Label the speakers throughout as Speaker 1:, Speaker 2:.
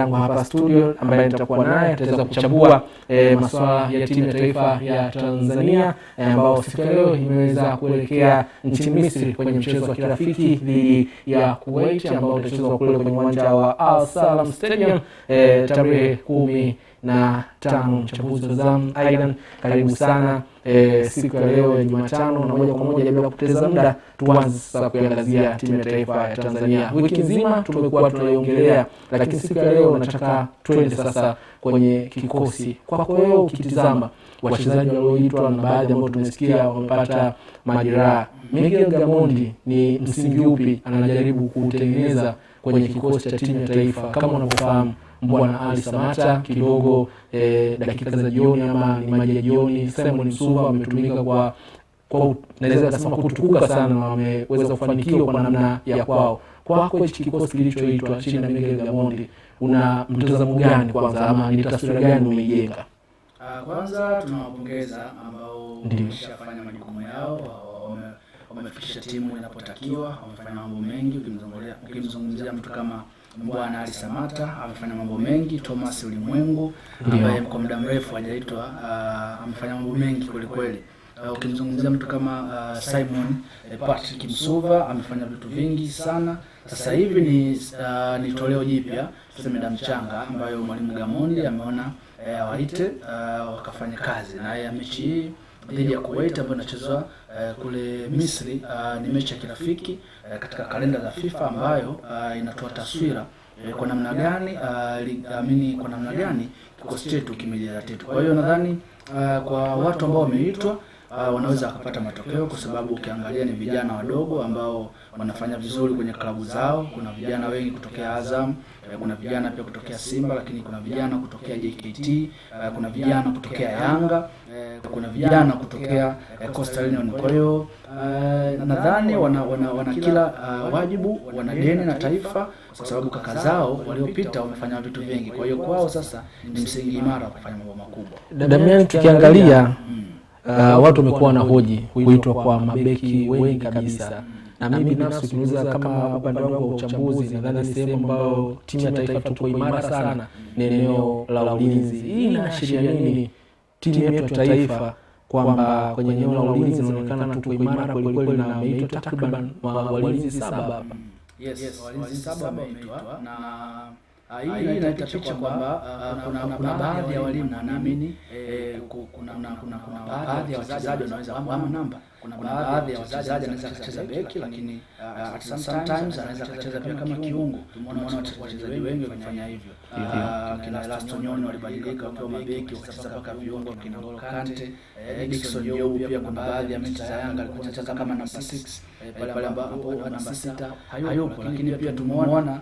Speaker 1: yangu hapa studio ambaye nitakuwa naye ataweza kuchambua e, eh, masuala ya timu ya taifa ya Tanzania e, ambao siku ya leo imeweza kuelekea nchini Misri kwenye mchezo wa kirafiki dhidi ya Kuwait ambao utachezwa kule kwenye uwanja wa Al Salam Stadium e, tarehe kumi na tano mchambuzi wa zamu Aidan, karibu sana e, siku ya leo ya Jumatano, na moja kwa moja bila kupoteza muda tuanze sasa kuangazia timu ya taifa ya Tanzania. Wiki nzima tumekuwa tunaiongelea, lakini siku ya leo nataka twende sasa kwenye kikosi. Kwako wewe ukitizama wachezaji walioitwa na baadhi ambao tumesikia wamepata majeraha, Miguel Gamondi ni msingi upi anajaribu kutengeneza kwenye kikosi cha timu ya taifa? Kama unavyofahamu mbwana Ali Samata kidogo e, dakika za jioni ama ni maji ya jioni. Simon Msuva wametumika kwa kwa naweza kusema kutukuka sana wameweza kufanikiwa kwa namna ya kwao. Kwako hichi kikosi kilichoitwa chini na Miguel Gamondi, una mtazamo gani kwanza, ama ni taswira gani umejenga?
Speaker 2: Ah, kwanza tunawapongeza ambao wameshafanya majukumu yao, wamefikisha timu inapotakiwa, wamefanya mambo mengi. Ukimzungumzia mtu kama Bwana Ali Samata amefanya mambo mengi. Thomas Ulimwengu ambaye kwa muda mrefu hajaitwa uh, amefanya mambo mengi kweli kweli. Uh, ukimzungumzia mtu kama uh, Simon uh, Patrick Msuva amefanya vitu vingi sana. Sasa hivi ni uh, ni toleo jipya tuseme da mchanga ambayo mwalimu Gamondi ameona eh, uh, waite uh, wakafanya kazi na ya mechi hii dhidi ya Kuwait ambayo inachezwa uh, kule Misri. Uh, ni mechi ya kirafiki eh, katika kalenda za FIFA ambayo uh, inatoa taswira eh, kwa namna gani eh, amini kwa namna gani kikosi chetu kimejizatiti. Kwa hiyo nadhani uh, kwa watu ambao wameitwa uh, wanaweza wakapata matokeo, kwa sababu ukiangalia ni vijana wadogo ambao wanafanya vizuri kwenye klabu zao. Kuna vijana wengi kutokea Azam, eh, kuna vijana pia kutokea Simba, lakini kuna vijana kutokea JKT, uh, eh, kuna vijana kutokea Yanga, eh, kuna vijana kutokea Coastal Union. Kwa hiyo nadhani wana, wana, wana kila uh, wajibu, wana deni na taifa, kwa sababu kaka zao waliopita wamefanya vitu vingi. Kwa hiyo kwao sasa ni msingi imara wa kufanya mambo makubwa.
Speaker 1: Damian, tukiangalia hmm uh, watu wamekuwa na hoji kuitwa kwa mabeki wengi kabisa, na mimi binafsi ukiniuliza, kama upande wangu wa uchambuzi, nadhani sehemu ambayo timu ya taifa tuko imara sana ni eneo la ulinzi. Hii inaashiria nini timu yetu ya taifa kwamba kwenye eneo la ulinzi inaonekana tuko imara kwelikweli, na wameitwa takriban walinzi saba hapa.
Speaker 2: Yes, walinzi saba wameitwa na Ah, hii inatapicha kwamba ah, ah, kuna baadhi ya walimu naamini eh, eh, kuna baadhi ya wachezaji wanaweza kuama namba kuna baadhi ya wachezaji anaweza kucheza beki, lakini uh, uh, sometimes anaweza kucheza pia kama kiungo. Tumeona wachezaji wengi wakifanya hivyo, uh, kina Elasto Nyoni walibadilika wakiwa mabeki wakacheza mpaka viungo, kina N'Golo Kante, Edison eh, eh, Jowu. Pia kuna baadhi ya mechi za Yanga alikuwa anacheza kama namba 6 eh, pale pale ambapo namba 6 hayupo, lakini pia tumeona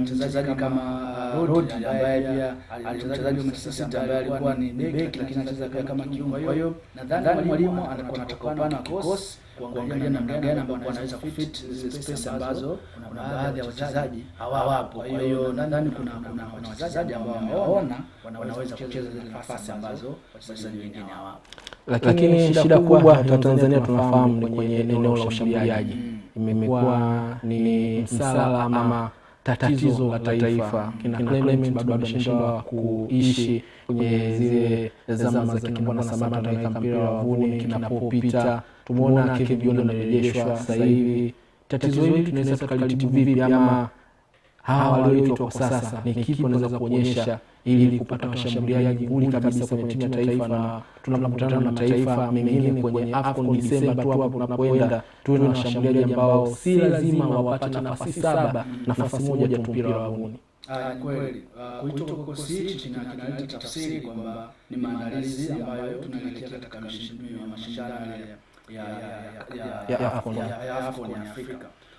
Speaker 2: mchezaji kama Rodi ambaye pia alichezaji wa Manchester City ambaye alikuwa ni beki, lakini anacheza pia kama kiungo. Kwa hiyo nadhani mwalimu anataka kupana kupima kikosi, kuangalia namna gani ambao wanaweza kufit zile space ambazo kuna baadhi ya wachezaji hawapo. Kwa hiyo nadhani kuna kuna wachezaji ambao wameona wanaweza kucheza zile nafasi ambazo wachezaji wengine hawapo.
Speaker 1: Lakini shida kubwa ya Tanzania tunafahamu ni kwenye eneo la ushambuliaji, mm. imekuwa ni msala ama tatizo la taifa kina ameshindwa kuishi kwenye zile zama za kina Mbwana anaweka mpira wavuni kinapopita. Tumeona Kevin Oloo sahivi Tatizo hili tunaweza tukalitibu vipi ama hawa walioitwa kwa sasa ni kipi wanaweza kuonyesha ili kupata washambuliaji nguli kabisa kwenye timu ya taifa, na tunapokutana na mataifa mengine kwenye AFCON Desemba tu hapo tunapoenda, tuwe na washambuliaji ambao si lazima wapate nafasi saba, nafasi moja tu mpira wa nguni.
Speaker 2: Kweli kuitwa kikosi hichi kinaleta tafsiri kwamba ni maandalizi ambayo tunaelekea katika mashindano ya mashindano ya ya ya ya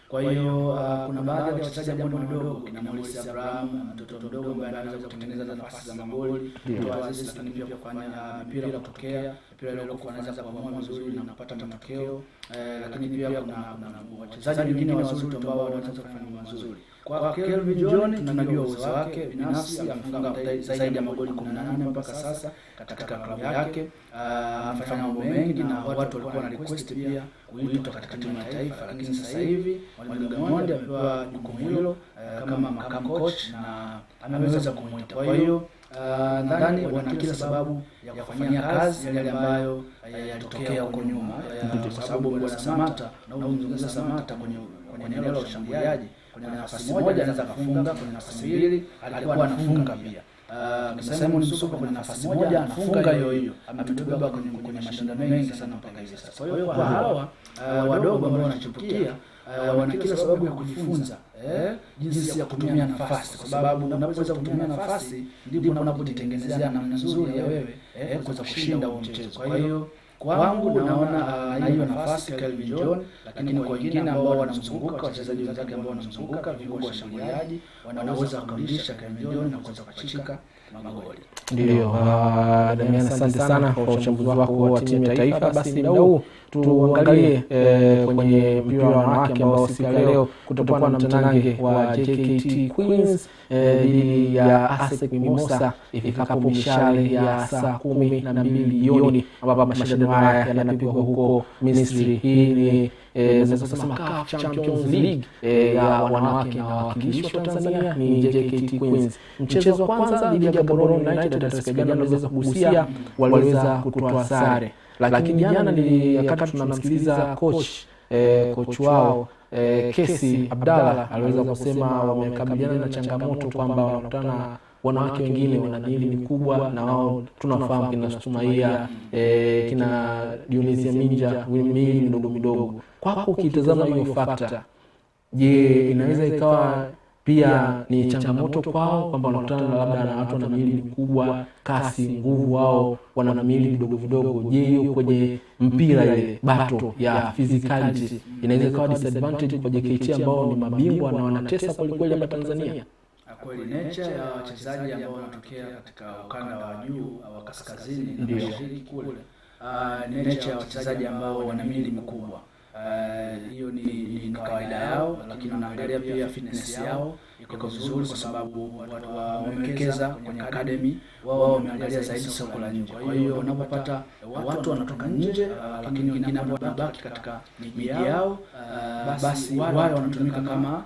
Speaker 2: kwa hiyo uh, kuna baadhi ya wachezaji ambao ni wadogo kina Moses Abraham, mtoto mdogo ambaye anaweza kutengeneza nafasi za magoli, kutoa assist, lakini pia kufanya uh, mpira kutokea mpira lilokuwa anaweza kuamua vizuri na kupata matokeo eh, eh lakini pia kuna, wachezaji wengine wazuri ambao wanaweza kufanya mazuri. Kwa Kelvin John tunajua uwezo wake binafsi, amefunga zaidi ya magoli 18 mpaka sasa katika klabu yake. Ah, ah, amefanya mambo mengi na watu walikuwa na request pia kuitwa katika timu ya taifa, lakini sasa hivi mwalimu Gamondi amepewa jukumu hilo eh, eh, kama makamu coach na ameweza kumuita. kwa hiyo Uh, nadhani wana kila sababu ya kufanyia kazi yale ambayo yalitokea huko nyuma, kwa sababu bwana Samata na umzungumza Samata kwenye kwenye eneo la ushambuliaji, kwenye nafasi moja anaweza kufunga, kwenye nafasi mbili alikuwa anafunga pia. Ah, Msupa kwenye nafasi moja anafunga hiyo hiyo, ametubeba kwenye mashindano mengi sana mpaka hivi sasa. Kwa hiyo kwa ah, hawa wadogo ambao wanachipukia, wana kila sababu ya kujifunza eh, jinsi ya kutumia nafasi, kwa sababu unapoweza kutumia nafasi ndipo unapojitengenezea namna nzuri ya wewe eh, kuweza kushinda huo mchezo. Kwa hiyo kwangu naona ah, hiyo nafasi Calvin John, lakini kwa wengine ambao wanamzunguka, wachezaji wenzake ambao wanamzunguka, viungo, washambuliaji wanaweza kumlisha Calvin John na kuweza kuchika magoli. Ndiyo, ah, Damian, asante sana kwa uchambuzi wako wa timu ya taifa. Basi mda huu tuangalie eh, eh, kwenye mpira wa wanawake ambao siku ya leo kutakuwa na mtanange wa JKT Queens dhidi eh, ya ASEC Mimosa ifikapo mishale ya saa kumi na mbili jioni ambapo mashindano haya yanapigwa huko Misri. Hii ni Eh, CAF Champions League eh, eh, ya wanawake na wawakilishi wa Tanzania ni JKT Queens. Mchezo wa kwanza dhidi ya Gaborone United, kugusia, waliweza kutoa sare, lakini jana tunamsikiliza coach coach wao eh, Kesi Abdalla aliweza kusema wamekabiliana na changamoto kwamba wanakutana wanawake wengine wana dili mikubwa na wao tunafahamu kina kina Dionisia Minja miili midogo midogo kwako ukitazama hiyo fakta, je, inaweza ikawa pia ni changamoto kwao kwamba wanakutana labda na watu wana miili mikubwa, kasi, nguvu, wao wana miili vidogo vidogo. Je, hiyo kwenye mpira ile bato ya fizikaliti inaweza ikawa disadvantage kwa JKT ambao ni mabingwa na wanatesa kwelikweli hapa Tanzania? Kweli necha ya wachezaji ambao wanatokea katika ukanda wa juu wa kaskazini na mashariki kule, ah, necha ya wachezaji ambao wana miili mikubwa Eh, hiyo ni, ni kawaida yao, lakini wanaangalia pia fitness yao iko vizuri, kwa sababu watu wamewekeza kwenye academy, wao wameangalia zaidi soko la nje. Kwa hiyo wanapopata watu wanatoka nje, eh, lakini wengine ambao wanabaki katika miji yao, eh, basi wale wanatumika kama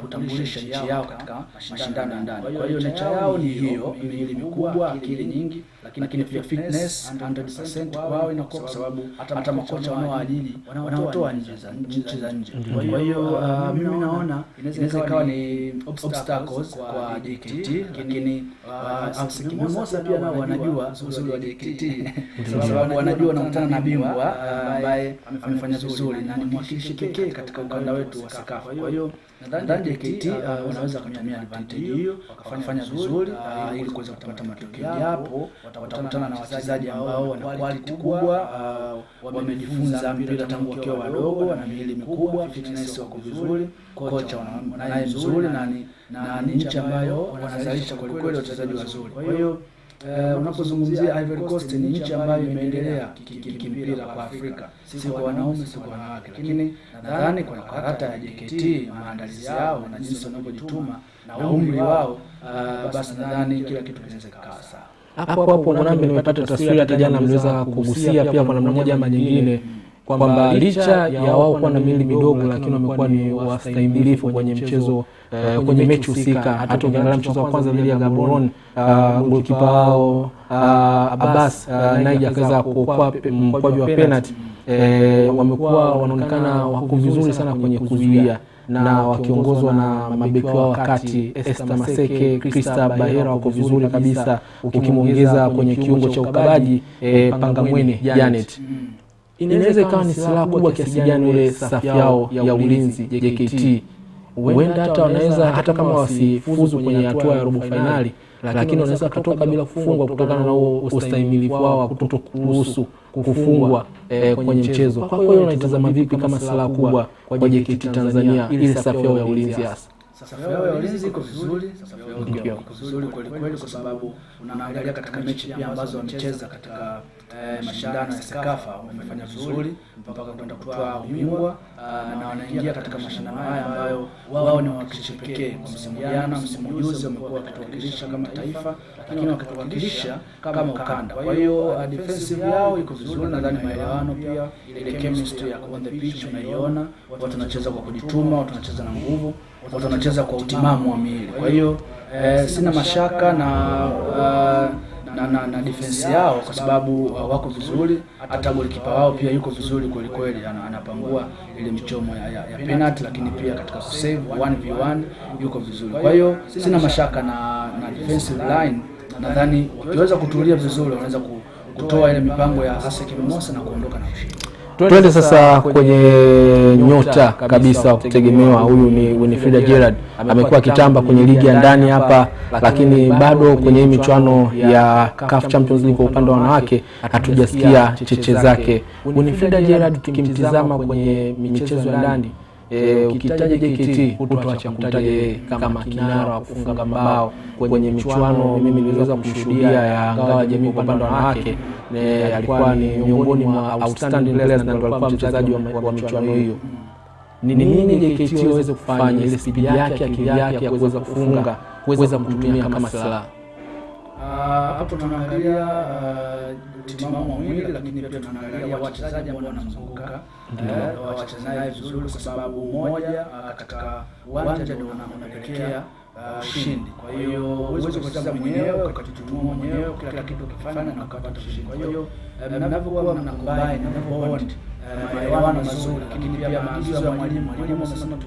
Speaker 2: kutambulisha nchi yao katika mashindano ya ndani. Kwa hiyo nature yao ni hiyo, miili mikubwa, akili nyingi lakini pia fitness 100% wao inakuwa kwa sababu hata makocha wanaoajili wanaotoa nje za nchi za nje. Kwa hiyo uh, uh, mimi naona inaweza ikawa ni obstacles kwa JKT, lakini Kimosa uh, pia nao wanajua uzuri wa JKT sababu wanajua wanakutana na bingwa ambaye amefanya vizuri na ni mwakilishi pekee katika ukanda wetu wa sakafu Kwa hiyo Nadhani JKT uh, uh, wanaweza kutumia advantage hiyo wakafanya vizuri uh, ili kuweza kupata matokeo, yapo watakutana na wachezaji ambao wana quality kubwa, wamejifunza mpira tangu wakiwa wadogo, wana miili mikubwa, fitness wako vizuri, kocha naye mzuri, na ni nchi ambayo wanazalisha kwelikweli wachezaji wazuri, kwa hiyo Uh, unapozungumzia Ivory Coast ni nchi ambayo imeendelea kimpira kwa Afrika, si kwa wanaume, si kwa wanawake, lakini nadhani kwa karata ya JKT, maandalizi yao na jinsi wanavyojituma na umri wao, uh, basi nadhani kila kitu kinaweza kikaa sawa hapo hapo. Mwanambe, nimepata taswira hata jana mliweza kugusia pia kwa namna moja ama nyingine kwamba licha ya wao kuwa na miili midogo, lakini wamekuwa ni wastahimilifu kwenye mchezo uh, kwenye mechi husika. Hata ukiangalia mchezo wa kwanza dhidi ya Gaborone, eh, ah, golkipa wao ah, Abbas Naija akaweza kuokoa mkwaju wa penalty. Wamekuwa wanaonekana wako vizuri sana kwenye kuzuia na wakiongozwa na mabeki wao wakati Esther Maseke, Krista Bahera wako vizuri kabisa, ukimwongeza kwenye kiungo cha ukabaji e, Pangamwene Janet inaweza ikawa ni silaha kubwa kiasi gani ile safu yao ya ulinzi JKT. Huenda hata wanaweza hata kama wasifuzu kwenye hatua ya robo fainali, lakini wanaweza wakatoka bila kufungwa kutokana na ustahimilifu wao wa kuto kuruhusu kufungwa eh, kwenye mchezo. Kwa hiyo unaitazama vipi kama silaha kubwa kwa JKT Tanzania ile safu yao ya ulinzi hasa? Sasa yao ya ulinzi iko vizuri, sasa yao iko vizuri kweli kweli, kwa sababu unaangalia katika mechi pia ambazo wamecheza katika eh, mashindano ya Sekafa wamefanya vizuri mpaka kwenda kutoa ubingwa ah, na wanaingia katika mashindano haya ambayo wao ni wawakilishi pekee. msimu jana, msimu juzi wamekuwa wakituwakilisha kama taifa, lakini wakituwakilisha kama ukanda. Kwa hiyo ah, defensive yao iko vizuri, nadhani maelewano pia, ile chemistry ya on the pitch unaiona, watu wanacheza kwa kujituma, watu wanacheza na nguvu watu wanacheza kwa utimamu wa miili. Kwa hiyo eh, sina mashaka na uh, na, na, na defense yao kwa sababu eh, wako vizuri. Hata golikipa wao pia yuko vizuri kweli kweli, anapangua ile michomo ya, ya, ya penalty, lakini pia katika save 1v1 yuko vizuri. Kwa hiyo sina mashaka na, na defensive line. Nadhani wakiweza kutulia vizuri, wanaweza kutoa ile mipango ya Haseki na kuondoka na ushindi. Twende sasa kwenye nyota kabisa kutegemewa. Huyu ni Winifrida gerard amekuwa akitamba kwenye ligi ya ndani hapa, lakini bado kwenye hii michuano ya CAF Champions League kwa upande wa wanawake hatujasikia cheche zake. Winifrida gerard tukimtizama kwenye michezo ya ndani E, ukitaja JKT hutoacha kumtaja yeye kama kinara wa kufunga mabao kwenye michuano. Mimi niliweza kushuhudia ya Ngao Jamii kwa upande wake, eh, eh, alikuwa ni miongoni mwa outstanding players na ndio alikuwa mchezaji wa michuano hiyo. Ni nini JKT waweze kufanya ile spidi yake, akili yake ya kuweza kufunga, kuweza kutumia kama silaha Ah, hapo tunaangalia utimamu ah, wa mwili, lakini pia tunaangalia wachezaji ambao wanamzunguka eh, wachezaji vizuri, kwa sababu umoja ah, katika uwanja ndio unapelekea ushindi. Kwa hiyo uweze kucheza mwenyewe ukajituma mwenyewe, kila kitu ukifanya na ukapata ushindi. Kwa hiyo eh, mnavyokuwa mnakombine, mnavyo bond, eh, maelewano mazuri, lakini pia maagizo ya mwalimu. Mwalimu sasa mtu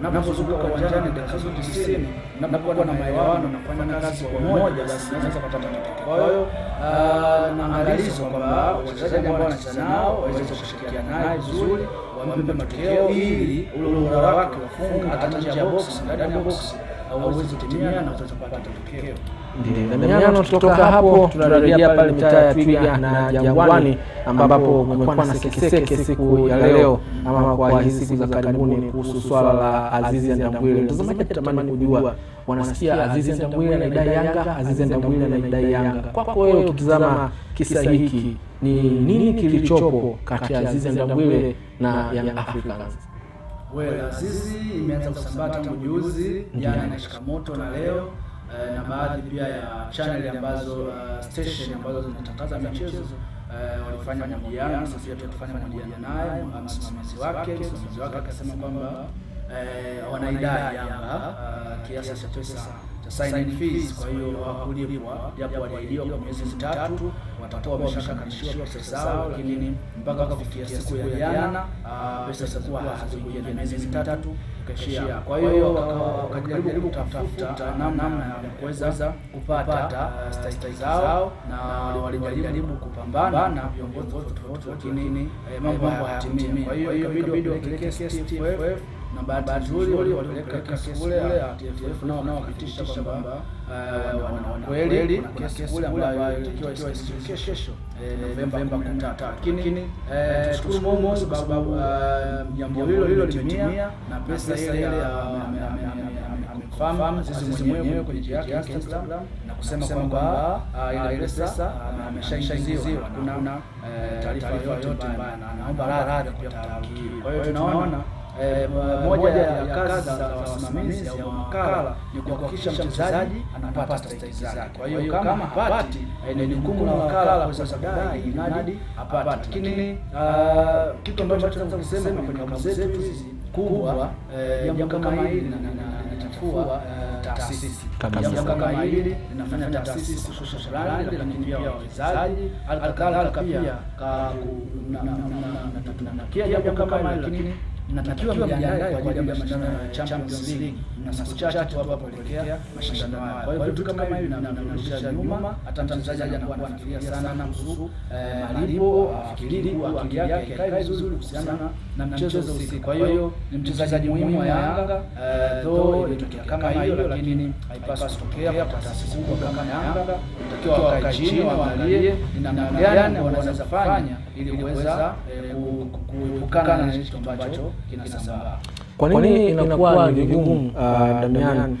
Speaker 2: unapozunguka uwanjani dakika zote tisini, unapokuwa na maelewano nafanya kazi kwa umoja, basi naweza kupata matokeo. Kwa hiyo ah, naangalizo kwamba wachezaji ambao wanacheza nao waweze kushirikiana naye vizuri, wampe matokeo ili ule ubora wake wafunga hata nje ya boksi, ndani ya boksi hauwezi kutimia na utapata matokeo. Mmemenyano tutoka hapo tunarejea pale mitaa ya Twiga na Jangwani ambapo kumekuwa na sekeseke siku ya leo ama kwa hizi siku za karibuni kuhusu swala la Azizi Ndambwile. Mtazamaji atamani kujua wanasikia Azizi Ndambwile idai Yanga, Azizi Ndambwile idai Yanga. Kwako wewe ukitizama kisa hiki ni nini kilichopo kati ya Azizi Ndambwile na Young Africans? Well, Azizi imeanza kusambaa tangu juzi, jana inashika moto na leo Eh, na baadhi pia ya channel ambazo uh, station ambazo zinatangaza michezo uh, walifanya mahojiano. Sasa pia tutafanya mahojiano naye msimamizi wake, msimamizi wake akasema kwamba uh, wanaidai Yanga uh, kiasi cha pesa signing fees. Kwa hiyo hawakulipwa, japo waliahidiwa kwa miezi mitatu watakuwa wameshakamishiwa pesa zao, lakini mpaka kufikia siku ya jana ah, pesa zilikuwa hazikuja na miezi mitatu kashia. Kwa hiyo wakajaribu kutafuta namna ya kuweza kupata ah, stahiki zao, na walijaribu kupambana na viongozi wote, lakini eh, mambo hayatimii. Kwa hiyo ikabidi wapeleke na bahati nzuri walipeleka kesi kule ya TFF nao nao wapitisha kwamba eh, kweli kuna kesi kule ambayo ilitakiwa isikilizwe kesho eh, Novemba 13, lakini eh, tushukuru Mungu kwa sababu jambo hilo hilo limetimia na pesa ile ya fahamu sisi mwenyewe kwenye njia yake Instagram na kusema kwamba ah, ah, ile pesa ameshaingiziwa, ah, kuna taarifa yoyote mbaya, naomba radhi kwa taarifa. Kwa hiyo tunaona moja ya kazi za wasimamizi au makala ni kuhakikisha mchezaji anapata stahiki zake. Kwa hiyo kama hapati, ni jukumu la wakala kuweza kudai inadi apate. Lakini kitu ambacho tunaweza kusema kwenye kazi zetu hizi kubwa, jambo kama hili linachafua taasisi kama hili linafanya taasisi kushusha sharani, lakini pia wawezaji alkala pia kama lakini Natakiwa mjiandae kwa ajili ya mashindano ya Champions League na siku chache tu hapo kuelekea mashindano haya. Kwa hiyo vitu kama hivi vinanirudisha nyuma, hata mchezaji anakuwa anafikiria sana kuhusu malipo, afikiri kwa akili yake ikae vizuri kuhusiana na mchezo usiku. Kwa hiyo ni mchezaji muhimu wa Yanga, eh, eh, though ilitokea kama hiyo, lakini haipaswi kutokea kwa taasisi kubwa kama Yanga. Takiwa wakae chini waangalie ni namna gani wanaweza fanya ili kuweza eh, kuepukana na hicho ambacho kinasambaa. Kwa nini inakuwa ni vigumu ah, Damian,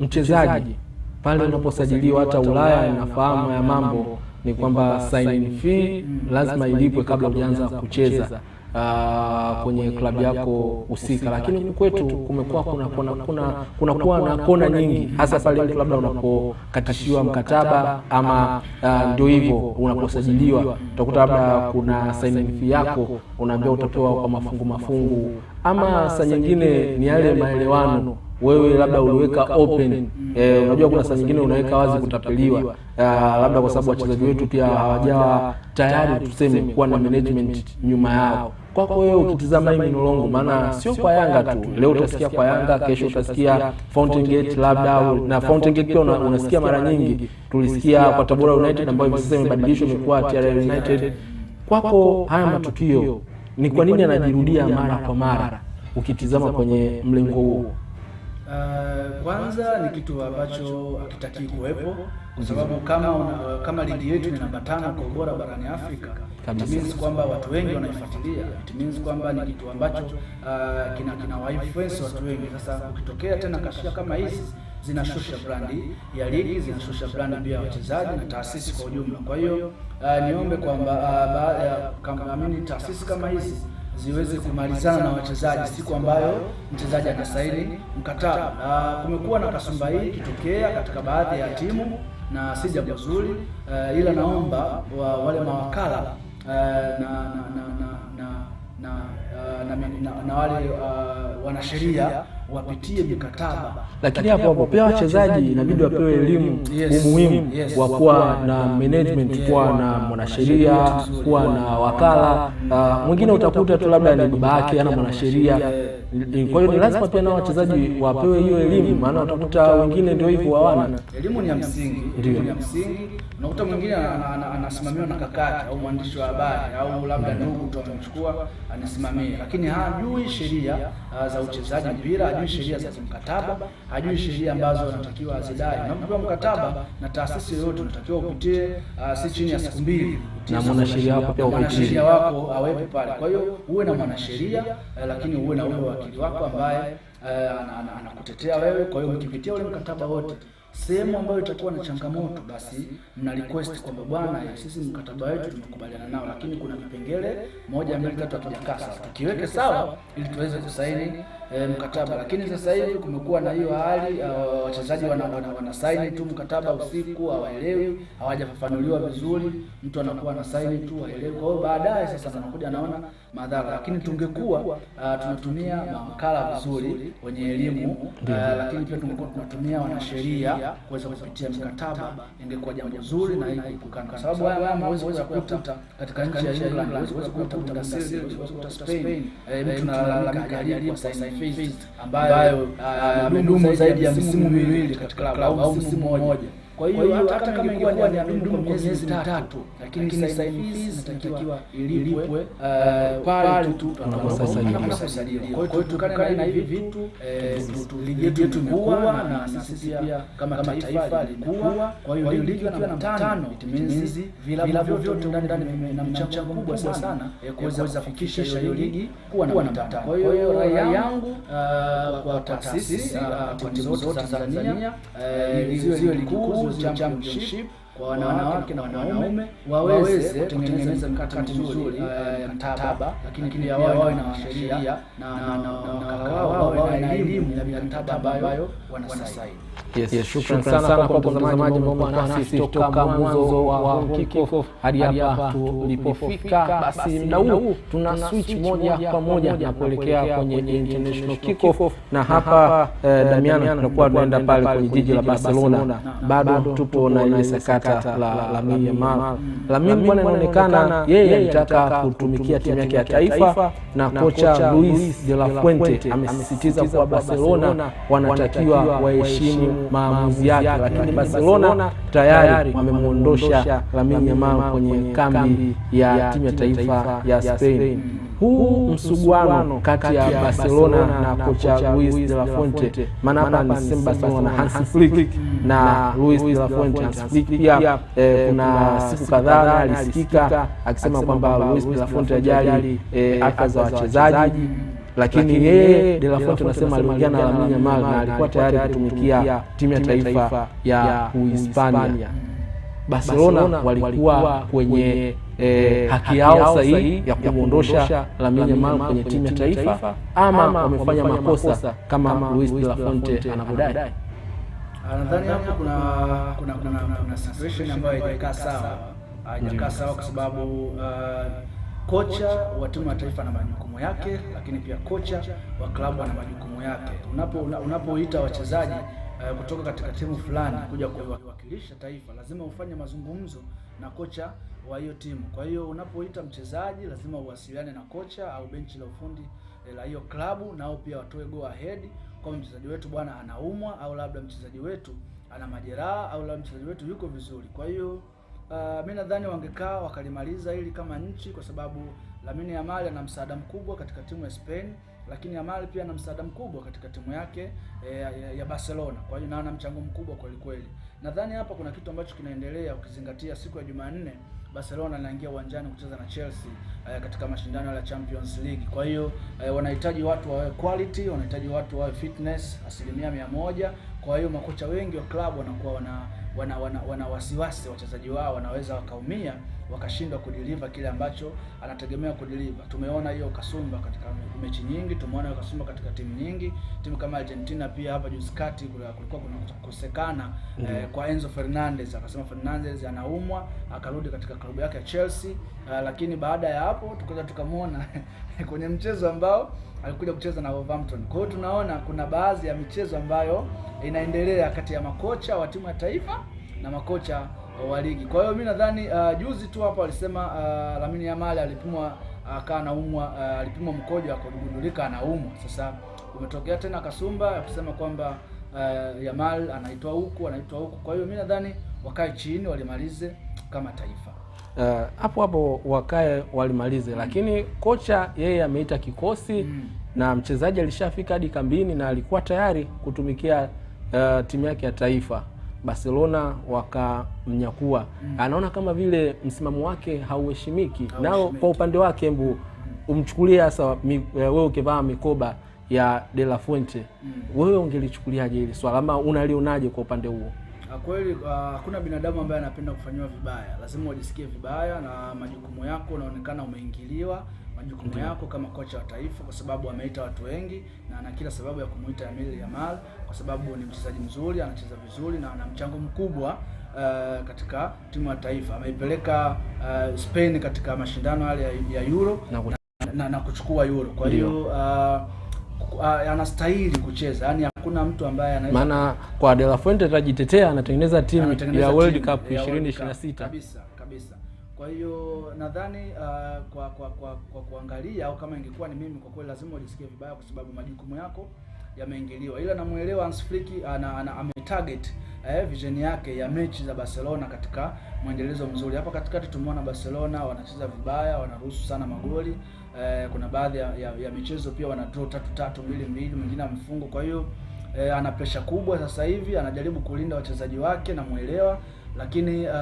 Speaker 2: mchezaji pale unaposajiliwa hata Ulaya, inafahamu ya mambo ni kwamba signing fee lazima ilipwe kabla hujaanza kucheza uh, kwenye klabu yako husika, lakini kwetu kumekuwa kuna kuna kuna kunakuwa na kona nyingi, hasa pale labda unapokatishiwa mkataba ama uh, ndio hivyo unaposajiliwa, utakuta labda kuna signing fee yako unaambiwa utapewa kwa mafungu mafungu, ama saa nyingine ni yale maelewano wewe labda uliweka open Eh, eh, unajua kuna saa nyingine unaweka wazi kutapeliwa, uh, labda kwa sababu wachezaji wetu pia hawajawa tayari tuseme kuwa na management nyuma yao. Kwako wewe ukitizama hii minolongo, maana sio kwa Yanga tu, leo utasikia kwa Yanga, kesho utasikia Fountain Gate labda au na Fountain Gate pia unasikia mara nyingi, tulisikia kwa Tabora United ambayo hivi sasa imebadilishwa imekuwa TR United. Kwako haya matukio ni kwa nini yanajirudia mara kwa mara ukitizama kwenye mlengo huo? Uh, kwanza ni kitu ambacho hakitaki kuwepo kwa sababu kama una, kama ligi yetu ni namba tano kwa ubora barani Afrika, it means kwamba watu wengi wanaifuatilia, it means kwamba ni kitu ambacho uh, kina kina influence watu wengi. Sasa ukitokea tena kashia kama hizi zinashusha brandi ya ligi, zinashusha brandi pia ya wachezaji na taasisi kwa ujumla. Kwa hiyo uh, niombe kwamba uh, baada ya kampeni taasisi kama hizi ziweze kumalizana na wachezaji siku ambayo mchezaji anasaini mkataba. Na kumekuwa na kasumba hii ikitokea katika baadhi ya timu na si jambo zuri uh, ila naomba wa, wale mawakala uh, na, na, na, na, na, na, eh, na, na, na wale uh, wanasheria wapitie mikataba, lakini hapo pia wachezaji inabidi wapewe elimu umuhimu wa kuwa na management, kuwa na mwanasheria, kuwa na wakala. Ah, mwingine utakuta tu labda ni baba yake ana mwanasheria, kwa hiyo ni lazima pia na wachezaji wapewe hiyo elimu, maana utakuta wengine ndio hivyo hawana elimu. Ni ya msingi, ndio ya msingi. Unakuta mwingine anasimamiwa na kakati au mwandishi wa habari au labda ndugu tu amemchukua anasimamia, lakini hajui sheria ah, za uchezaji mpira hajui sheria za mkataba, hajui sheria ambazo anatakiwa azidai. Unapopewa mkataba na taasisi yoyote, unatakiwa upitie uh, si chini ya siku mbili na mwanasheria wako pia mwanasheria wako awepo pale. Kwa hiyo uwe na mwanasheria uh, lakini uwe na ule wakili wako ambaye uh, anakutetea wewe. Kwa hiyo mkipitia ule mkataba wote sehemu ambayo itakuwa na changamoto basi mna request kwamba bwana, sisi mkataba wetu tumekubaliana nao, lakini kuna vipengele moja mbili tatu hakijakaa tukiweke sawa ili tuweze kusaini e, mkataba, lakini sasa hivi kumekuwa na hiyo hali eh, wachezaji wana, wana, wana saini tu mkataba usiku, hawaelewi, hawajafafanuliwa vizuri, mtu anakuwa na saini tu haelewi. Kwa hiyo baadaye sasa anakuja anaona madhara, lakini tungekuwa uh, tunatumia mawakala vizuri wenye elimu uh, lakini pia tungekuwa tunatumia wanasheria kuweza kupitia mkataba, ingekuwa jambo zuri na kukana kwa sababu haya mambo huwezi kukuta katika nchi ya England, huwezi kukuta Spain, mtu analalamika kwa saini Fist ambayo ah, amedumu zaidi ya misimu miwili katika klabu au msimu mmoja. Kwa hiyo hata kama ingekuwa ni adumu kwa miezi mitatu, lakini sign fees inatakiwa ilipwe uh, uh, pale tu tunaposajiliwa. Kwa hiyo tukana na hivi vitu eh, eh, ligi yetu imekuwa na sisi pia kama taifa limekuwa. Kwa hiyo ligi ikiwa na mtano, it means vilabu vyote ndani vina mchango mkubwa sana kuweza kufikisha hiyo ligi kuwa na mtano. Kwa hiyo rai yangu uh, kwa taasisi, kwa timu zote za Tanzania, ziwe ligi kuu Schools Championship kwa wanawake na wanaume waweze kutengeneza mkakati mzuri ya eh, eh, mkataba, lakini pia wawe na sheria na wawe na elimu ya mikataba ambayo wanasaini. Yes, shukran sana kwa mtazamaji ambao nasi toka mwanzo wa kickoff hadi hapa tulipofika. Basi muda huu tuna switch moja kwa moja na kuelekea kwenye international kickoff, na hapa eh, Damiano tunakuwa tunaenda pale kwenye jiji la Barcelona. Bado tupo na ile sakata kata la Lamine Yamal. Lamine bwana, inaonekana yeye alitaka kutumikia timu yake ya taifa, na kocha Luis de la Fuente amesisitiza kuwa Barcelona wanatakiwa waheshimu maamuzi yake, lakini Barcelona tayari wamemwondosha Lamine Yamal kwenye kambi ya timu ya taifa ya Spain huu msuguano kati ya Barcelona na kocha Luis de la Fuente, maana hapa ni sema Barcelona na Hansi Flick na Luis de la Fuente. Hansi Flick pia eh, eh, kuna siku kadhaa alisikika akisema kwamba Luis de la Fuente ajali eh, afya za wachezaji lakini yeye De La Fuente anasema aliongea na Lamine Yamal na alikuwa tayari kutumikia timu ya taifa ya Uhispania. Barcelona walikuwa kwenye e, haki yao sahihi ya kumwondosha Lamine Yamal kwenye timu ya taifa ama wamefanya makosa kama Luis de la Fonte anavyodai? Ah, nadhani hapo kuna kuna kuna kuna situation ambayo haijakaa sawa, haijakaa sawa kwa sababu uh, kocha wa timu ya taifa ana majukumu yake, lakini pia kocha wa klabu ana majukumu yake. Unapo unapoita wachezaji uh, kutoka katika timu fulani kuja kuwakilisha taifa, lazima ufanye mazungumzo na kocha wa hiyo timu. Kwa hiyo unapoita mchezaji lazima uwasiliane na kocha au benchi la ufundi eh, la hiyo klabu, nao pia watoe go ahead kwa mchezaji wetu bwana anaumwa, au labda mchezaji wetu ana majeraha, au labda mchezaji wetu yuko vizuri. Kwa hiyo Uh, mi nadhani wangekaa wakalimaliza ili kama nchi, kwa sababu Lamine Yamal ana msaada mkubwa katika timu ya Spain, lakini Yamal pia ana msaada mkubwa katika timu yake e, ya, ya Barcelona. Kwa hiyo naona mchango mkubwa kweli kweli. Nadhani hapa kuna kitu ambacho kinaendelea, ukizingatia siku ya Jumanne Barcelona anaingia uwanjani kucheza na Chelsea uh, katika mashindano ya Champions League. Kwa hiyo uh, wanahitaji watu wawe quality, wanahitaji watu wawe fitness asilimia mia moja. Kwa hiyo makocha wengi wa klabu wanakuwa wana wana, wana, wana wasiwasi wachezaji wao wanaweza wakaumia wakashindwa kudeliver kile ambacho anategemea kudeliver. Tumeona hiyo kasumba katika mechi nyingi, tumeona hiyo kasumba katika timu nyingi. Timu kama Argentina pia hapa juzi kati kulikuwa kuna kukosekana mm -hmm. eh, kwa Enzo Fernandez, akasema Fernandez anaumwa, akarudi katika klabu yake ya Chelsea. eh, lakini baada ya hapo tukaza tukamwona kwenye mchezo ambao alikuja kucheza na Wolverhampton. Kwa hiyo tunaona kuna baadhi ya michezo ambayo inaendelea kati ya makocha wa timu ya taifa na makocha wa ligi. Kwa hiyo mimi nadhani uh, juzi tu hapa walisema uh, Lamine Yamal alipimwa uh, akaa anaumwa, uh, alipimwa mkojo akagundulika anaumwa. Sasa umetokea tena kasumba ya kusema kwamba uh, Yamal anaitwa huku anaitwa huku. Kwa hiyo mimi nadhani wakae chini walimalize kama taifa uh, hapo uh, hapo wakae walimalize mm. Lakini kocha yeye ameita kikosi mm. na mchezaji alishafika hadi kambini na alikuwa tayari kutumikia uh, timu yake ya taifa. Barcelona wakamnyakua mm. Anaona kama vile msimamo wake hauheshimiki, nao kwa upande wake mbu umchukulie hasa eh, wewe ukivaa mikoba ya De La Fuente mm. Wewe ungelichukuliaje hili swala ama unalionaje kwa upande huo? Ah, kweli ah, hakuna uh, binadamu ambaye anapenda kufanyiwa vibaya, lazima wajisikie vibaya na majukumu yako, unaonekana umeingiliwa majukumu yako kama kocha wa taifa, kwa sababu ameita watu wengi na ana kila sababu ya kumuita Amir Yamal kwa sababu ni mchezaji mzuri, anacheza vizuri na ana mchango mkubwa Uh, katika timu ya taifa ameipeleka uh, Spain katika mashindano yale ya Euro na, na, na, na kuchukua Euro. Kwa hiyo uh, anastahili kucheza, yani hakuna mtu ambaye anaweza, maana kwa De La Fuente atajitetea, anatengeneza timu ya World Cup 2026 kabisa kabisa. Kwa hiyo nadhani uh, kwa, kwa kwa kwa kuangalia au kama ingekuwa ni mimi, kwa kweli lazima ujisikie vibaya, kwa sababu majukumu yako yameingiliwa, ila namuelewa Hans Flick ana, ah, ana ametarget eh, vision yake ya mechi za Barcelona katika mwendelezo mzuri. Hapa katikati tumeona Barcelona wanacheza vibaya, wanaruhusu sana magoli eh, kuna baadhi ya, ya, ya michezo pia wana draw tatu tatu mbili mbili, mwingine amefungwa. Kwa hiyo eh, ana pressure kubwa sasa hivi, anajaribu kulinda wachezaji wake, namuelewa lakini uh,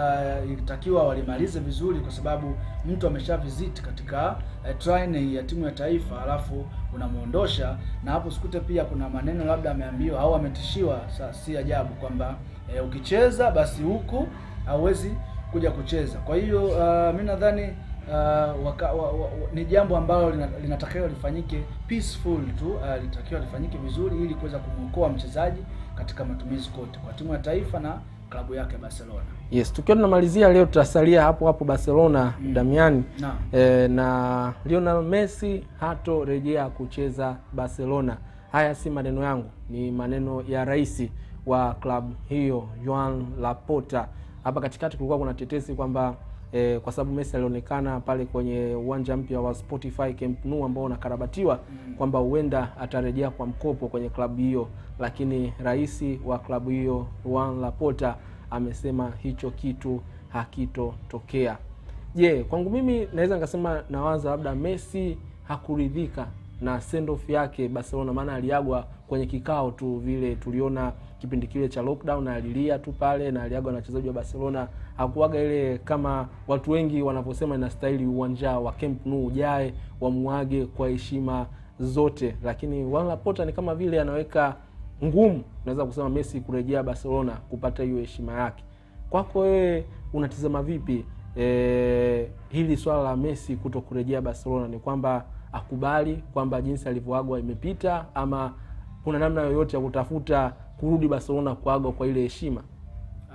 Speaker 2: ilitakiwa walimalize vizuri, kwa sababu mtu amesha visit katika uh, eh, training ya timu ya taifa alafu unamuondosha na hapo, sikute pia kuna maneno labda ameambiwa au ametishiwa. Sasa si ajabu kwamba uh, ukicheza basi huku hauwezi kuja kucheza. Kwa hiyo uh, mi nadhani Uh, wa, wa, ni jambo ambalo linatakiwa lifanyike peaceful tu, uh, litakiwa lifanyike vizuri ili kuweza kumwokoa mchezaji katika matumizi kote kwa timu ya taifa na klabu yake Barcelona. Yes, tukiwa tunamalizia leo tutasalia hapo hapo Barcelona mm. Damiani na. E, na Lionel Messi hatorejea kucheza Barcelona. Haya si maneno yangu, ni maneno ya rais wa klabu hiyo Joan Laporta. Hapa katikati kulikuwa kuna tetesi kwamba e, kwa sababu Messi alionekana pale kwenye uwanja mpya wa Spotify Camp Nou ambao unakarabatiwa mm. kwamba huenda atarejea kwa mkopo kwenye klabu hiyo, lakini rais wa klabu hiyo Juan Laporta amesema hicho kitu hakitotokea. Je, yeah, kwangu mimi naweza nikasema nawaza labda Messi hakuridhika na send off yake Barcelona, maana aliagwa kwenye kikao tu vile tuliona kipindi kile cha lockdown, alilia tu pale na aliagwa na wachezaji wa Barcelona. Hakuaga ile kama watu wengi wanavyosema inastahili uwanja wa Camp Nou ujae wamuage kwa heshima zote, lakini Juan Laporta ni kama vile anaweka ngumu, naweza kusema Messi kurejea Barcelona kupata hiyo heshima yake. Kwako wewe unatizama vipi e, hili swala la Messi kuto kurejea Barcelona? Ni kwamba akubali kwamba jinsi alivyoagwa imepita, ama kuna namna yoyote ya kutafuta kurudi Barcelona kuagwa kwa ile heshima?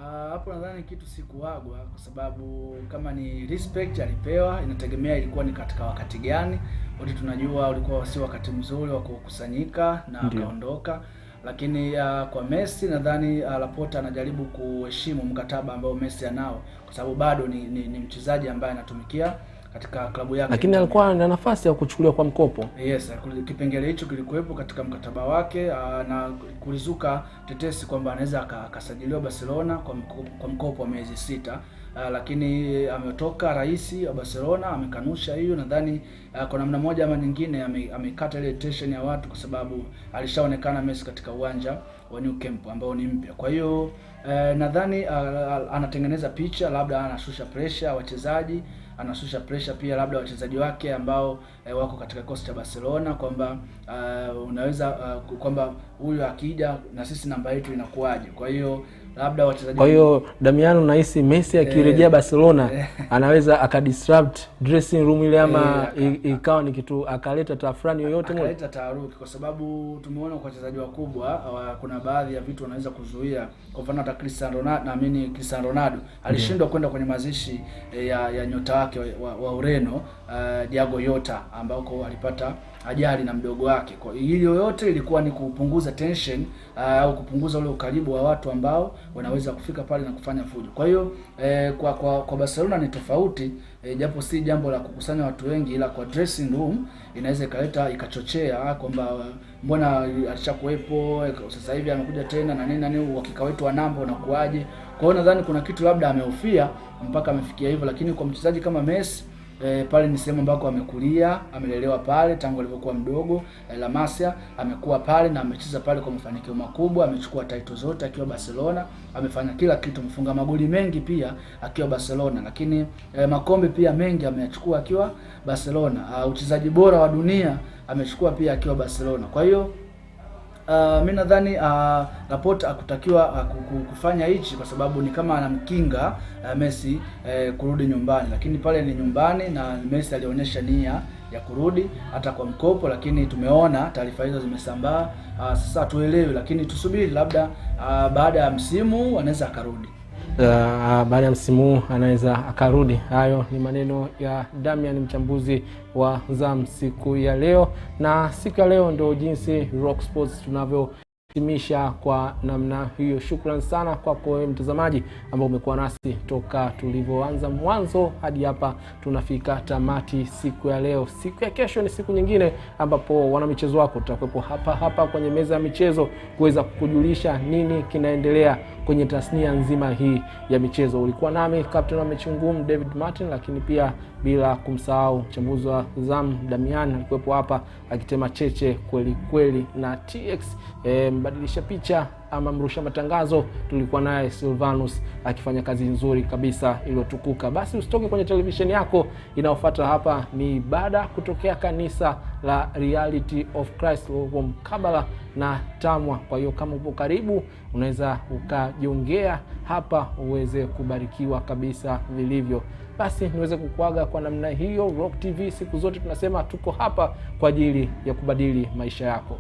Speaker 2: Ah, hapo uh, nadhani kitu sikuagwa kwa sababu kama ni respect alipewa, inategemea ilikuwa ni katika wakati gani. Wote tunajua ulikuwa si wakati mzuri wa kukusanyika na akaondoka, lakini uh, kwa Messi nadhani uh, Laporta anajaribu kuheshimu mkataba ambao Messi anao kwa sababu bado ni, ni, ni mchezaji ambaye anatumikia katika klabu yake, lakini alikuwa na nafasi ya kuchukuliwa kwa mkopo. Yes, kipengele hicho kilikuwepo katika mkataba wake, ah, na kulizuka tetesi kwamba anaweza akasajiliwa Barcelona kwa mkopo, kwa mkopo wa miezi sita. Uh, lakini ametoka rais wa Barcelona amekanusha hiyo. Nadhani uh, kwa namna moja ama nyingine amekata ame ile tension ya watu, kwa sababu alishaonekana Messi katika uwanja wa New Camp ambao ni mpya. Kwa hiyo uh, nadhani uh, anatengeneza picha, labda anashusha pressure wachezaji anashusha pressure pia labda wachezaji wake ambao e, wako katika kikosi cha Barcelona kwamba uh, unaweza uh, kwamba huyu akija na sisi namba yetu inakuwaje. Kwa hiyo labda wachezaji. Kwa hiyo Damiano, nahisi Messi akirejea yeah. Barcelona eh. anaweza akadisrupt dressing room ile ama eh, ikawa ni kitu akaleta tafrani yoyote, akaleta taharuki, kwa sababu tumeona kwa wachezaji wakubwa kuna baadhi ya vitu wanaweza kuzuia. Kwa mfano hata Cristiano Ronaldo, naamini Cristiano Ronaldo alishindwa yeah, kwenda kwenye mazishi eh, ya, ya nyota wake wa, wa Ureno uh, Diego Yota ambako alipata ajali na mdogo wake. Kwa hiyo yote ilikuwa ni kupunguza tension uh, au uh, kupunguza ule ukaribu wa watu ambao wanaweza kufika pale na kufanya fujo. Kwa hiyo eh, kwa, kwa kwa Barcelona ni tofauti eh, japo si jambo la kukusanya watu wengi, ila kwa dressing room inaweza ikaleta ikachochea ah, kwamba uh, mbona alishakuwepo eh, sasa hivi amekuja tena na nini na nini, uhakika wetu wa namba unakuaje? Kwa hiyo nadhani kuna kitu labda amehofia mpaka amefikia hivyo, lakini kwa mchezaji kama Messi E, pale ni sehemu ambako amekulia, amelelewa pale tangu alivyokuwa mdogo. E, eh, Lamasia amekuwa pale na amecheza pale kwa mafanikio makubwa, amechukua title zote akiwa Barcelona, amefanya kila kitu, mfunga magoli mengi pia akiwa Barcelona, lakini e, makombe pia mengi ameyachukua akiwa Barcelona. Ah, uchezaji bora wa dunia amechukua pia akiwa Barcelona. Kwa hiyo uh, ah, mi nadhani uh, Laporte akutakiwa uh, ah, kufanya hichi kwa sababu ni kama anamkinga uh, Messi uh, kurudi nyumbani, lakini pale ni nyumbani na Messi alionyesha nia ya kurudi hata kwa mkopo, lakini tumeona taarifa hizo zimesambaa. Uh, sasa tuelewe, lakini tusubiri labda uh, baada ya msimu anaweza akarudi. Eh, ah, baada ya msimu huu anaweza akarudi. Hayo ni maneno ya Damian, mchambuzi wa ZAM siku ya leo. Na siku ya leo ndio jinsi Rock Sports tunavyo timisha kwa namna hiyo. Shukrani sana kwako wewe mtazamaji ambao umekuwa nasi toka tulivyoanza mwanzo hadi hapa tunafika tamati siku ya leo. Siku ya kesho ni siku nyingine ambapo wanamichezo wako tutakuwepo hapa hapa kwenye meza ya michezo kuweza kukujulisha nini kinaendelea kwenye tasnia nzima hii ya michezo. Ulikuwa nami kapteni wa mechi ngumu David Martin, lakini pia bila kumsahau mchambuzi wa zam Damian alikuwepo hapa akitema cheche kweli kweli, na TX eh, mbadilisha picha ama mrusha matangazo, tulikuwa naye Silvanus akifanya kazi nzuri kabisa iliyotukuka. Basi usitoke kwenye televisheni yako. inayofata hapa ni ibada kutokea kanisa la Reality of Christ wa mkabala na Tamwa. Kwa hiyo kama upo karibu, unaweza ukajongea hapa uweze kubarikiwa kabisa vilivyo. Basi niweze kukuaga kwa namna hiyo. rock TV siku zote tunasema tuko hapa kwa ajili ya kubadili maisha yako.